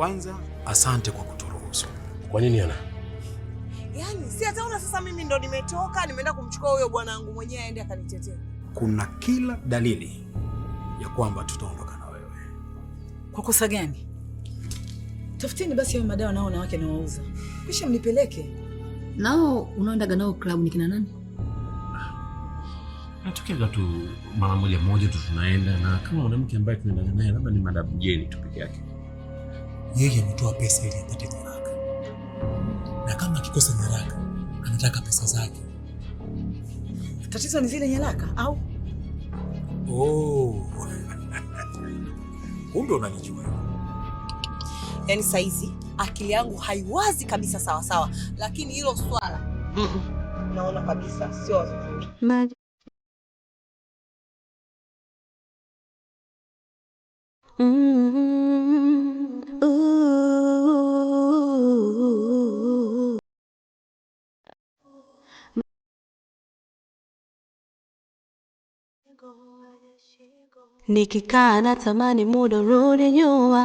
Kwanza asante kwa kuturuhusu. Kwa nini ana? Yaani si ataona sasa mimi ndo nimetoka nimeenda kumchukua huyo bwanangu mwenyewe aende akanitetee. Kuna kila dalili ya kwamba tutaondoka na wewe. Kwa kosa gani? Tafutini basi hayo madawa nao wanawake nawauza, kisha mnipeleke nao. Unaoendaga nao klabu ni kina nani? Ah, Natukiaga tu mara moja moja tu tunaenda, na kama mwanamke ambaye tunaenda naye labda ni madamu jeni tu peke yake yeye ametoa pesa ili apate nyaraka, na kama akikosa nyaraka anataka pesa zake. Tatizo ni zile nyaraka au? Oh. Kumbe unanijua. Yaani saizi akili yangu haiwazi kabisa sawasawa sawa, lakini hilo swala naona kabisa sio wazuri. Mm. Mm-hmm. Nikikaa tamani muda rudi nyuma,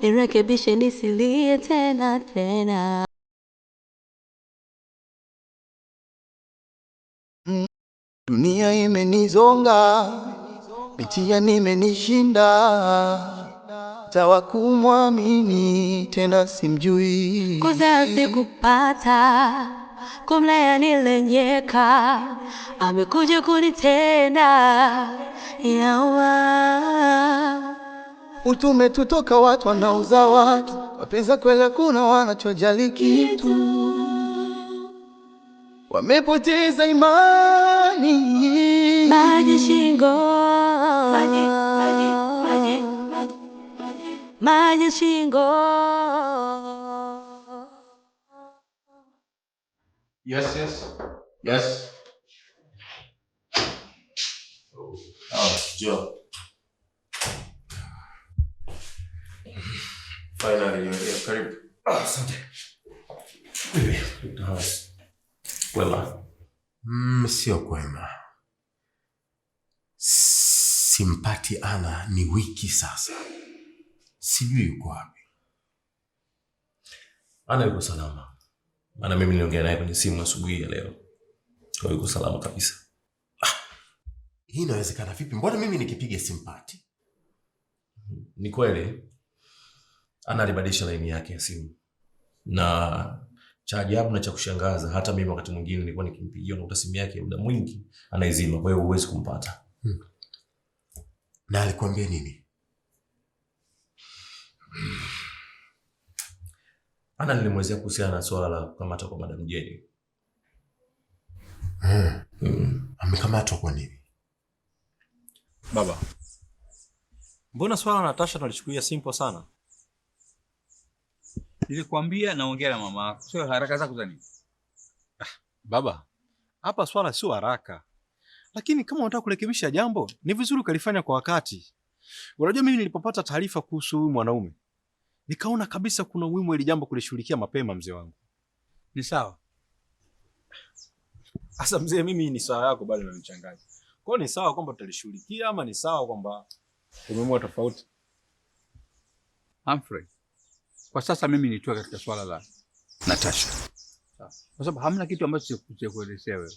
nirekebishe nisilie tena tena. Dunia imenizonga, mitia nimenishinda tawa kumwamini tena simjui, kuzazi kupata kwa mlaya nilenyeka, amekuja kunitenda yawa utume tutoka watu wanauza watu wapenza kwela, kuna wanachojali kitu, wamepoteza imani maji shingo, maji, maji, maji, maji, maji shingo. Yes, yes. Yes. Oh, oh, Joe. Finally, you're here. karibu. Asante. Kwema? Mm, sio kwema. Simpati Ana ni wiki sasa, sijui yuko wapi. Ana yuko salama maana mimi niliongea naye kwenye simu asubuhi ya leo, kwa hiyo salama kabisa. Ah, hii inawezekana vipi? Mbona mimi nikipiga simu pati? Ni kweli ana alibadilisha laini yake ya simu, na cha ajabu na cha kushangaza, hata mimi wakati mwingine nilikuwa nikimpigia na simu yake muda mwingi anaizima, kwa hiyo huwezi kumpata. Hmm. na alikwambia nini? Ana nilimwezea kuhusiana na swala la kukamatwa kwa Madam Jeni. Hmm. Eh. Hmm. Amekamatwa kwa nini? Baba, mbona swala la Natasha tunalichukulia simple sana? Nilikwambia naongea na mama yako, sio haraka zako za nini? Ah, baba, hapa swala sio haraka, lakini kama unataka kurekebisha jambo ni vizuri ukalifanya kwa wakati. Unajua, mimi nilipopata taarifa kuhusu huyu mwanaume nikaona kabisa kuna umuhimu ili jambo kulishughulikia mapema. Mzee wangu ni sawa. Sasa mzee, mimi ni sawa yako bado inanichanganya. Kwa hiyo ni sawa kwamba tutalishughulikia ama ni sawa kwamba umeamua tofauti? Humphrey, kwa sasa mimi nitoe katika swala la Natasha kwa sababu hamna kitu ambacho cha kuelezea wewe.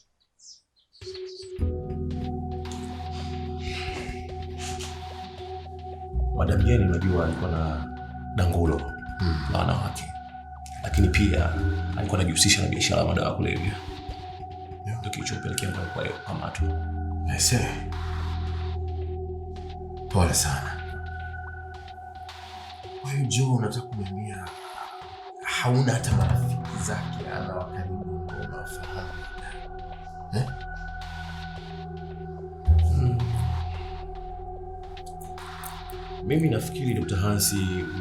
Madam Jeni, unajua alikuwa na Dangulo mm. na wanawake, lakini pia alikuwa anajihusisha na biashara ya madawa ya kulevya, ndio kilichopelekea mpaka kwa kukamatwa. Pole sana. Kwa hiyo Jo, unataka kuniambia hauna hata marafiki zake ana wakaribu unaofahamu? Mimi nafikiri Dr. Hansi,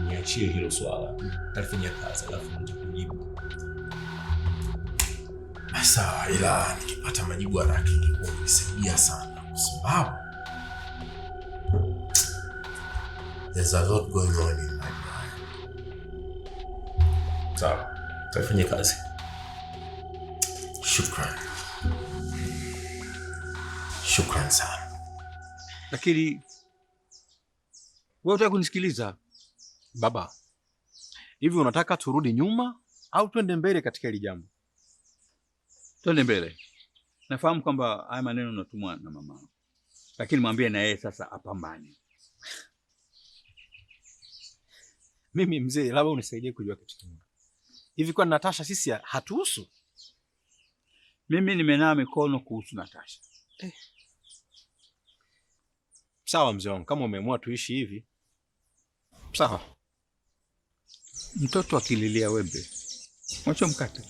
niachie hilo swala, tafanya kazi alafu nitakujibu. Sawa, ila nikipata majibu haraka ingekuwa imenisaidia sana, kwa sababu there's a lot going on in my mind. Sawa, tafanya kazi. Shukran, shukran sana lakini wewe unataka kunisikiliza baba? Hivi unataka turudi nyuma au twende mbele katika hili jambo? Twende mbele. Nafahamu kwamba haya maneno unatumwa na mama, lakini mwambie na yeye sasa apambane. Mimi mzee, labda unisaidie kujua kitu kimoja hivi, kwa Natasha sisi hatuhusu? Mimi nimenaa mikono kuhusu Natasha eh. Sawa mzee wangu, kama umeamua tuishi hivi sawa. Mtoto akililia wembe mwacho mkate.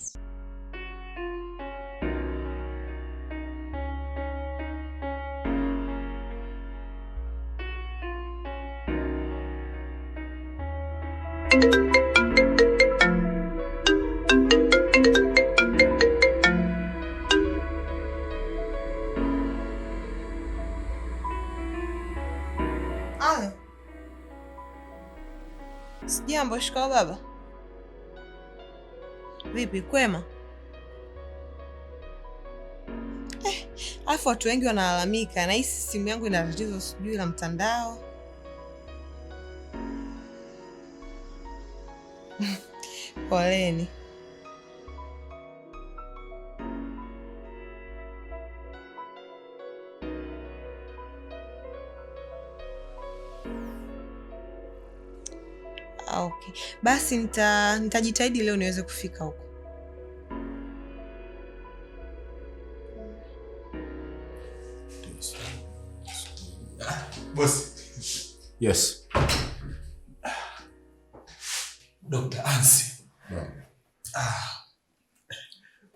Washikawo baba. Vipi, kwema? Eh, watu wengi wanalalamika, nahisi simu yangu ina tatizo sijui la mtandao. Poleni. basi nita nitajitahidi leo niweze kufika huko. Boss. Yes. Dr. Ansi. Ah.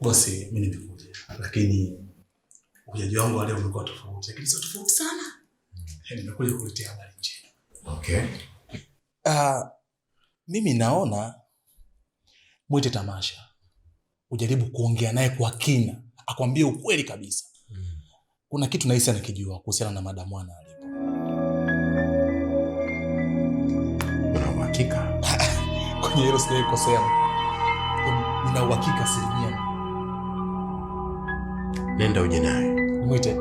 Bosi, mimi nimekuja. Lakini ujaji wangu wale umekuwa tofauti, lakini sio tofauti sana. Mm. Nimekuja kuletea habari njema. Okay. Ah, uh, mimi naona mwite Tamasha, ujaribu kuongea naye kwa kina, akwambie ukweli kabisa. Hmm. Kuna kitu nahisi anakijua kuhusiana na madamwana alipo. Una uhakika? Kwenye hilo sijawahi kukosea. Una uhakika asilimia? Nenda uje naye. Mwite.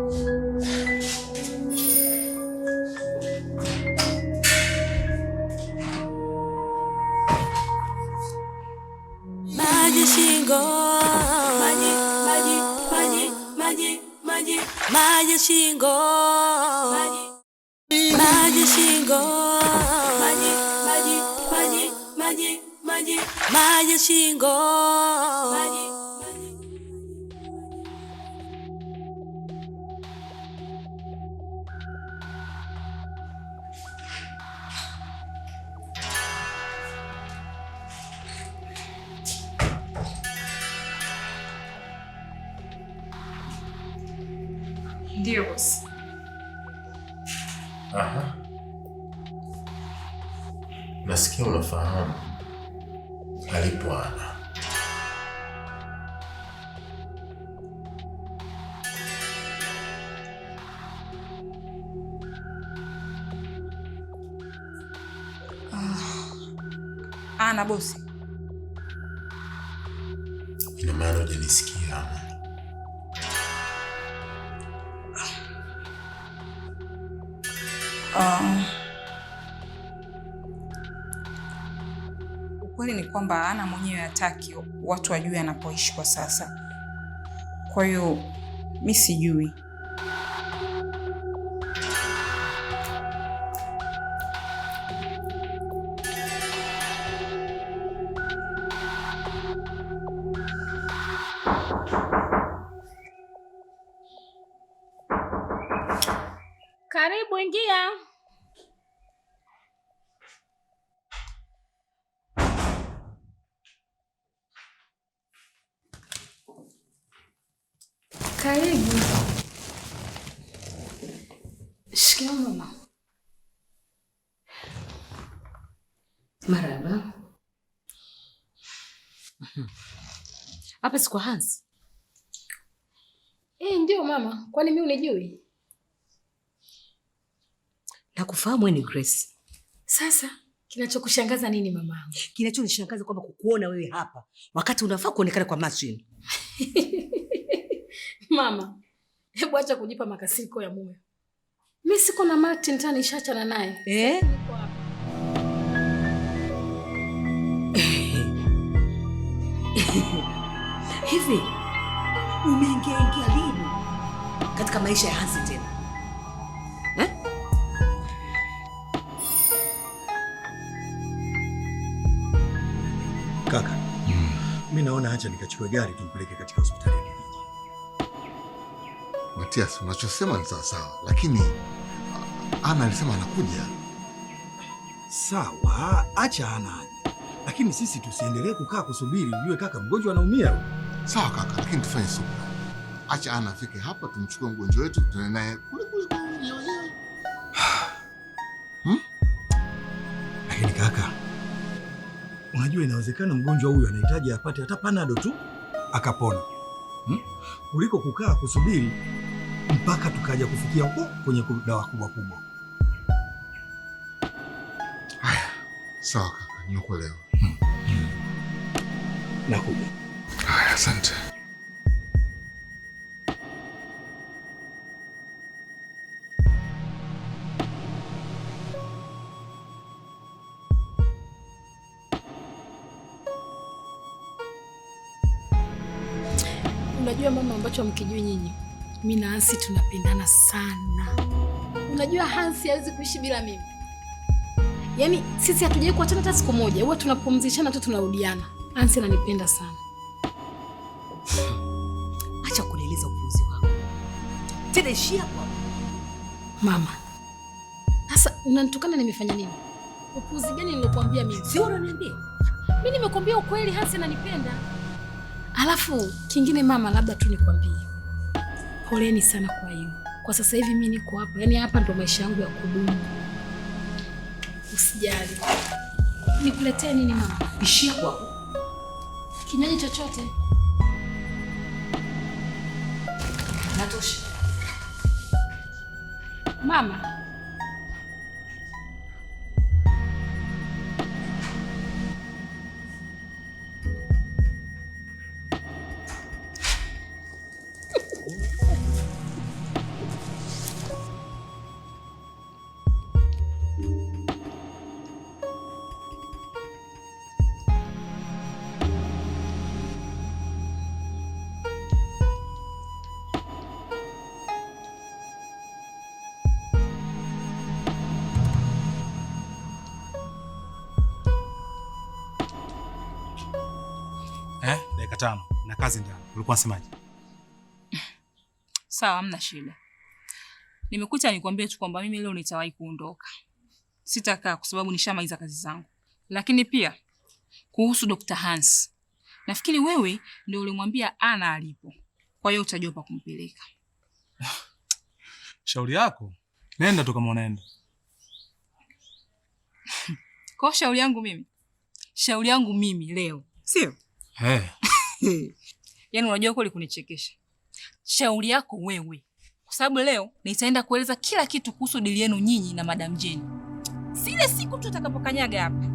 maji shingo, maji shingo, maji shingo maana bosi? Ina maana hujanisikia ama? Uh, ah. ukweli ni kwamba Ana mwenyewe hataki watu wajue anapoishi kwa sasa, kwa hiyo mi sijui. Karibu, ingia. Karibu. Shikamoo mama. Marhaba. Hapa si kwa Eh, ndio mama, kwani mimi unijui? Nakufahamu wewe ni Grace. Sasa kinachokushangaza nini yangu? Kinachonishangaza kwamba kukuona wewe hapa wakati unafaa kuonekana kwa Martin. Mama, hebu acha kujipa makasiko ya moyo. Mimi siko na Martin tena, nishachana naye. Eh? Hivi umeingia ingia lini katika maisha ya Hansi tena? naona acha nikachukue gari tumpeleke katika hospitali ya kijiji. Matias, unachosema ni sawasawa, lakini uh, Ana alisema anakuja. Sawa, acha Ana aje, lakini sisi tusiendelee kukaa kusubiri. Ujue kaka, mgonjwa anaumia. Sawa kaka, lakini tufanye subira. Acha Ana afike hapa, tumchukue mgonjwa wetu, tuende naye kule kule kwa wenyewe. Hmm? Lakini kaka Unajua, inawezekana mgonjwa huyu anahitaji apate hata panado tu akapona, hmm? kuliko kukaa kusubiri mpaka tukaja kufikia huko kwenye dawa kubwa kubwa. Haya, sawa kaka, nimekuelewa. Hmm. Nakuja. Haya, asante. Unajua mama, ambacho mkijui nyinyi, mimi na Hansi tunapendana sana. Unajua Hansi hawezi kuishi bila mimi, yaani sisi hatujai kuachana hata siku moja, huwa tunapumzishana tu, tunarudiana. Hansi ananipenda sana. Acha kunieleza upuuzi wako tena, ishia kwa mama. Sasa unanitukana, nimefanya nini? Upuuzi gani nilikwambia mimi? Si unaniambia mimi? nimekwambia ukweli, Hansi ananipenda. Alafu kingine mama, labda tu nikwambie poleni sana kwa hiyo. Kwa sasa hivi mimi niko hapa, yaani hapa ndo maisha yangu ya kudumu. Usijali. Nikuletee nini mama? Ishia kwako. Kinywaji chochote natosha mama. dakika tano na kazi ndani. Ulikuwa unasemaje? Sawa, hamna shida. Nimekuja nikwambie tu kwamba mimi leo nitawahi kuondoka, sitakaa kwa sababu nishamaliza kazi zangu. Lakini pia kuhusu Dr. Hans, nafikiri wewe ndio ulimwambia ana alipo, kwa hiyo utajua kumpeleka. Shauri yako, nenda tu kama unaenda. Kwa shauri yangu mimi, shauri yangu mimi leo, sio? Hey. Eh. Hmm. Yaani unajua kweli kunichekesha. Shauri yako wewe, kwa sababu leo nitaenda kueleza kila kitu kuhusu dili yenu nyinyi na Madam Jeni. Sile siku tu utakapokanyaga hapa,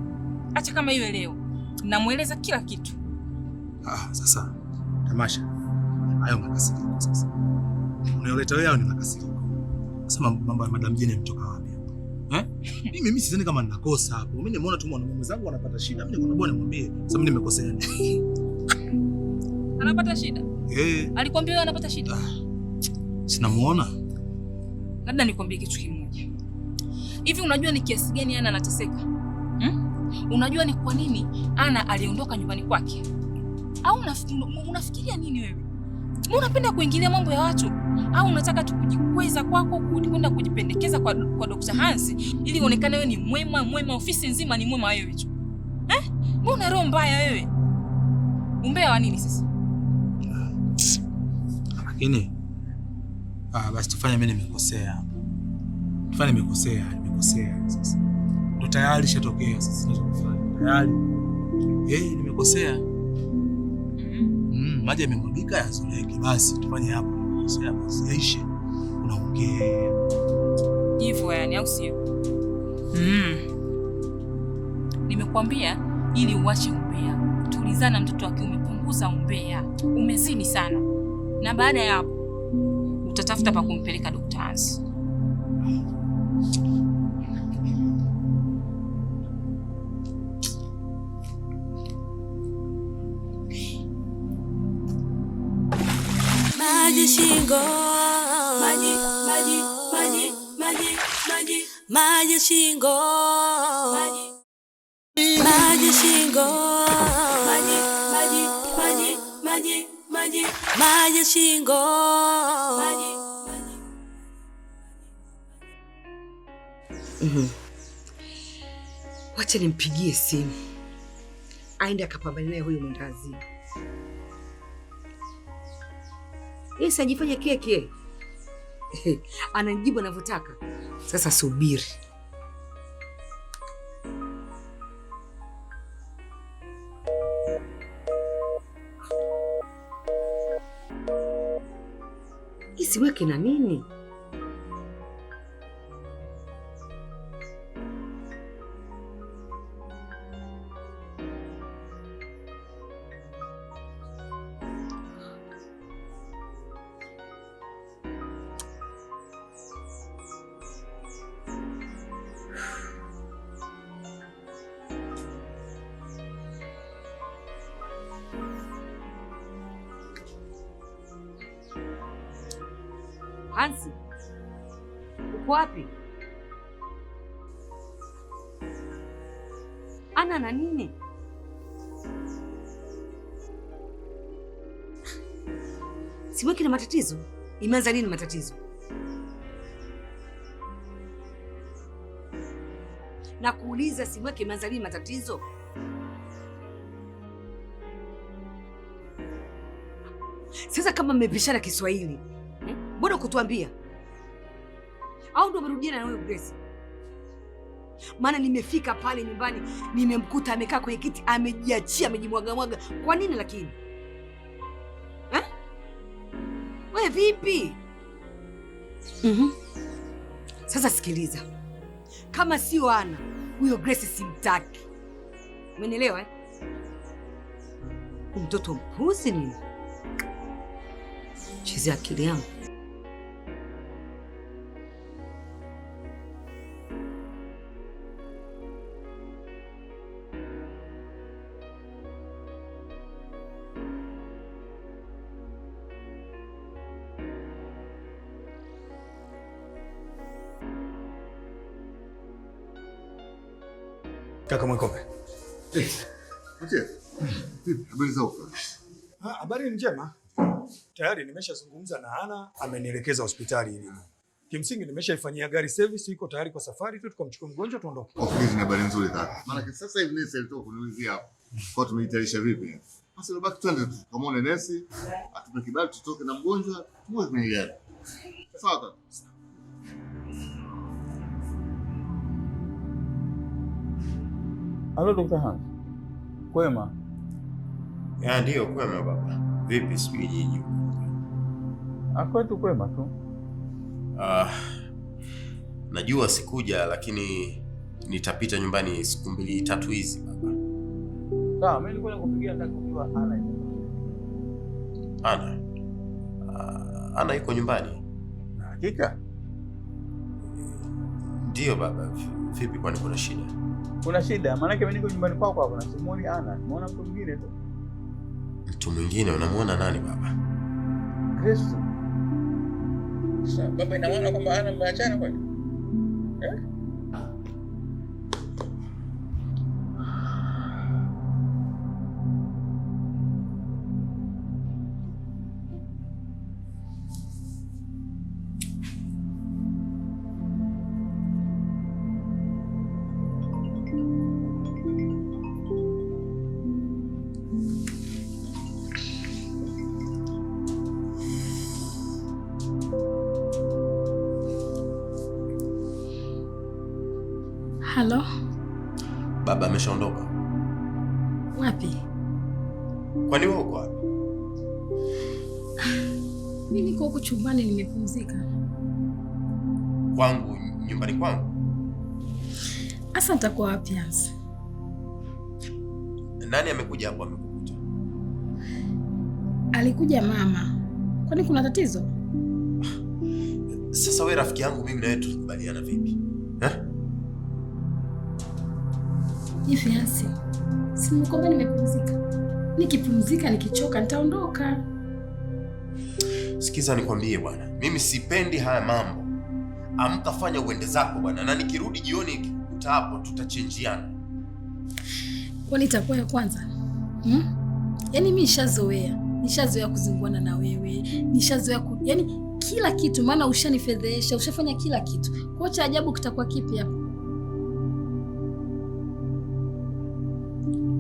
acha kama iwe leo, namweleza kila kitu. Ah, sasa Tamasha, hayo makasiriko sasa Unaoleta wewe au ni makasiriko? Sema mambo ya Madam Jeni yametoka wapi? Eh? Mimi mimi sidhani kama ninakosa hapo. Mimi nimeona tu mwanamume wangu anapata shida. Mimi nikamwambia nimwambie. Sasa mimi nimekosea nini? Anapata shida? Eh. Alikwambia anapata shida? Ah. Sinamuona. Labda nikwambie kitu kimoja. Hivi unajua ni kiasi gani Ana anateseka? Hmm? Unajua ni kwa nini Ana aliondoka nyumbani kwake? Au unafikiria nini wewe? Unapenda kuingilia mambo ya watu au unataka tu kujikweza kwako kwenda kujipendekeza kwa, kwa Dr. Hansi ili uonekane wewe ni mwema mwema, ofisi nzima ni mwema wewe tu. Eh? Mbona roho mbaya wewe? Umbea wa nini sasa? lakini ah, basi tufanye, mimi nimekosea, tufanye, nimekosea, nimekosea. Sasa ndo tayari shatokea, sasa tunachofanya tayari, eh, nimekosea, mm-hmm. mm, maji yamemwagika, yazoleke. Basi tufanye hapo, nimekosea, basi yaishe, unaongea hivyo yani, au sio? Mm. Nimekuambia ili uache umbea, tulizana mtoto wa kiume, punguza umbea, umezini sana na baada ya hapo utatafuta pa kumpeleka doktazi. Maji shingo, maji, maji, maji, maji, maji, maji shingo, maji, maji shingo maji shingo mhm. Wacha nimpigie simu aende akapambana naye huyu mwendazi. Yeye sajifanya kie anajibu anavyotaka. Sasa subiri nisiweke na nini? Hansi, uko wapi? Ana na nini? Siweki na matatizo. Imeanza lini matatizo? Na kuuliza Simweke imeanza lini matatizo? Sasa kama mmepishana Kiswahili mbona kutuambia? Au ndo umerudiana na yule Grace? Maana nimefika pale nyumbani nimemkuta amekaa kwenye kiti amejiachia, amejimwagamwaga. Kwa nini lakini ha? Eh? We vipi? mm-hmm. Sasa sikiliza, kama sio ana huyo Grace simtaki, umenielewa eh? Mtoto mpuzi nini? Chizi akili yangu. Habari za huko? Ha, ah, habari ni njema. Tayari nimeshazungumza na Ana, amenielekeza hospitali ilivyo. Kimsingi nimeshaifanyia gari service, iko tayari kwa safari tu, tukamchukua mgonjwa tuondoke. Okay, ni habari nzuri sana. Maana sasa hivi nesi alitoka kuniulizia hapo. Kwa tumeitarisha vipi? Basi nabaki twende tu. Kama nesi atupe kibali tutoke na mgonjwa tuwe kwenye gari. Sawa. Halo Dr. Hans. Kwema? Ya, ndio kwema baba. Vipi sijui nyinyi? Akwetu ah, kwema tu. Ah, najua sikuja lakini nitapita nyumbani siku mbili tatu hizi baba. Sawa, mimi nilikuwa nakupigia nataka kujua ana. Ana. Ah, ana yuko nyumbani. Hakika? Ndio baba. Vipi kwani kuna shida? kuna shida, maanake mimi niko nyumbani kwako hapa, simuoni ana, nimeona mtu mwingine tu. Mtu mwingine? unamwona nani baba? Kristo. Sasa baba, inaona kwamba ana mmeachana kweli? Eh? Halo, baba ameshaondoka. Wapi? Kwani wewe uko wapi? Mimi niko huko chumbani, nimepumzika kwangu, nyumbani kwangu. Asa nitakuwa wapi? Ansa, nani amekuja hapo? Amekukuta? Alikuja mama. Kwani kuna tatizo? Sasa wewe rafiki yangu, mimi na wewe tulikubaliana vipi eh? Hivi Hansi, si nimekwambia nimepumzika? Nikipumzika nikichoka nitaondoka. Sikiza nikwambie bwana, mimi sipendi haya mambo. Amtafanya uende zako bwana, na nikirudi jioni nikikukuta hapo tutachenjiana. Kwani itakuwa ya kwanza hmm? Yaani mi nishazoea, nishazoea kuzunguana na wewe, nishazoea ku... yaani kila kitu, maana ushanifedhesha, ushafanya kila kitu. Kwa cha ajabu kitakuwa kipi hapa?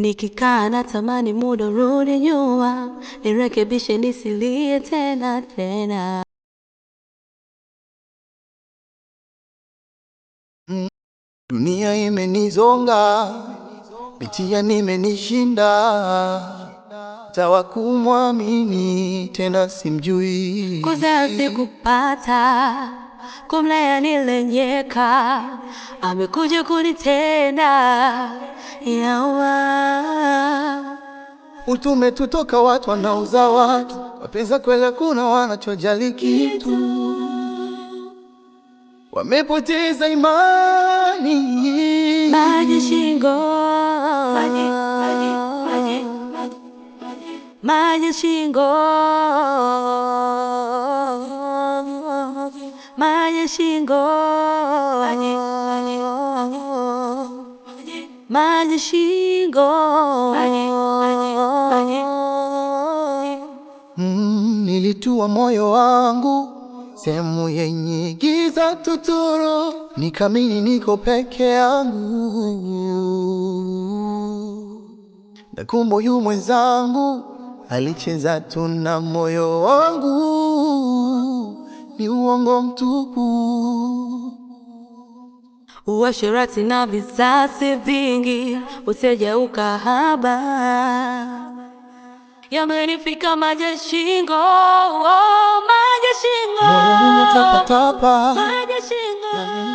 Nikikaa tamani muda rudi nyuma, nirekebishe nisilie tena tena. Dunia imenizonga, mitihani imenishinda, tawa kumwamini tena simjui, kuzazi kupata kumlea nilenyeka, amekuja kunitenda yawa utume tutoka watu wanauza watu wapenza kwele, kuna wanachojali kitu, wamepoteza imani. Maji shingo, maji, maji, maji, maji, maji shingo manye shingo manye shingo mm, nilitua moyo wangu sehemu yenye giza tuturu, nikamini niko peke yangu, na yu mwenzangu alicheza tuna moyo wangu ni uongo mtupu. Uasherati na vizazi vingi, usije ukahaba, yamenifika maji shingo, oh, maji shingo, maji shingo